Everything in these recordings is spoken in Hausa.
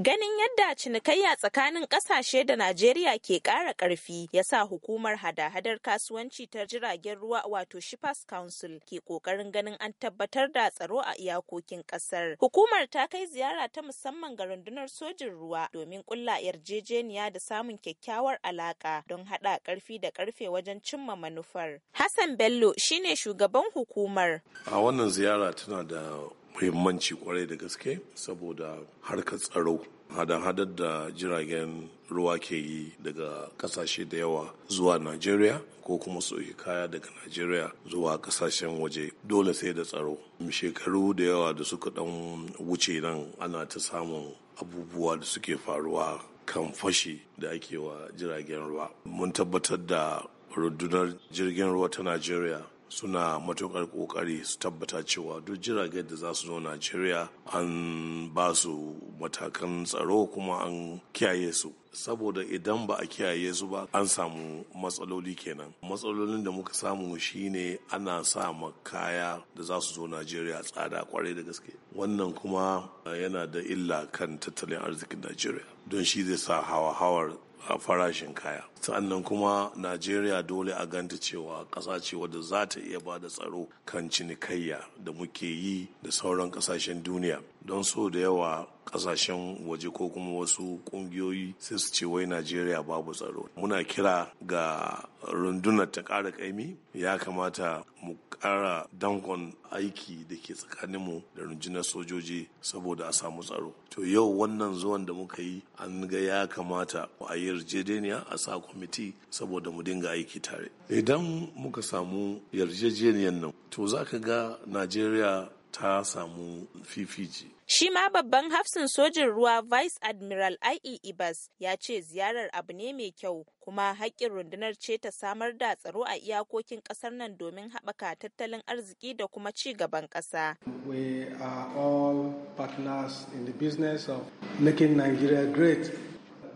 Ganin yadda cinikayya tsakanin ƙasashe da Najeriya ke ƙara ƙarfi ya sa hukumar hada-hadar kasuwanci ta jiragen ruwa wato Shippers Council ke ƙoƙarin ganin an tabbatar da tsaro a iyakokin ƙasar. Hukumar ta kai ziyara ta musamman ga rundunar sojin ruwa domin ƙulla yarjejeniya da samun kyakkyawar alaƙa don haɗa ƙarfi da ƙarfe wajen cimma manufar. Hassan Bello shine shugaban hukumar. A wannan ziyara tana da muhimmanci kwarai da gaske saboda harkar tsaro hada-hadar da jiragen ruwa ke yi daga kasashe da yawa zuwa Najeriya ko kuma su kaya daga Najeriya zuwa kasashen waje dole sai da tsaro. Shekaru da yawa da suka dan wuce nan ana ta samun abubuwa da suke faruwa kan fashi da ake wa jiragen ruwa. Mun tabbatar da rundunar jirgin ruwa ta Najeriya suna matuƙar ƙoƙari su tabbata cewa duk jiragen da za su zo Najeriya an ba su matakan tsaro kuma an kiyaye su. Saboda idan ba a kiyaye su ba an samu matsaloli kenan. Matsalolin da muka samu shine ana sa ma kaya da za su zo Najeriya tsada kwarai da gaske. Wannan kuma yana da illa kan tattalin arzikin Najeriya. Don shi zai sa hawa-hawar A farashin kaya sannan kuma najeriya dole a ganta cewa ƙasa ce wadda za ta iya ba da tsaro kan cinikayya da muke yi da sauran ƙasashen duniya don so da yawa ƙasashen waje ko kuma wasu ƙungiyoyi sai su ce wai najeriya babu tsaro muna kira ga rundunar ta ƙara ƙaimi ya kamata mu kara dangon aiki da ke tsakaninmu da rundunar sojoji saboda a samu tsaro to yau wannan zuwan da muka yi an ga ya kamata a yi yarjejeniya a sa kwamiti saboda mu dinga aiki tare idan muka samu yarjejeniyan nan to za ka ga najeriya ta samu fifici. Shi ma babban hafsin sojin ruwa Vice Admiral I.E. Ibas ya ce ziyarar abu ne mai kyau kuma haƙƙin rundunar ce ta samar da tsaro a iyakokin ƙasar nan domin haɓaka tattalin arziki da kuma ci gaban ƙasa. We are all partners in the business of making Nigeria great.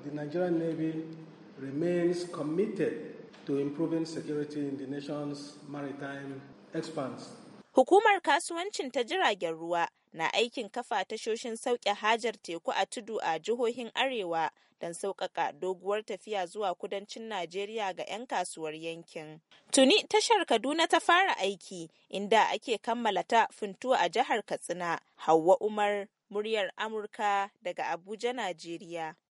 The Nigerian Navy remains committed to improving security in the nation's maritime expanse. Hukumar kasuwancin ta jiragen ruwa na aikin kafa tashoshin sauƙe hajar teku a tudu a jihohin Arewa don sauƙaƙa doguwar tafiya zuwa kudancin Najeriya ga 'yan kasuwar yankin. Tuni tashar Kaduna ta fara aiki inda ake kammala ta funtuwa a jihar Katsina. Hauwa Umar, muryar Amurka daga Abuja, Najeriya.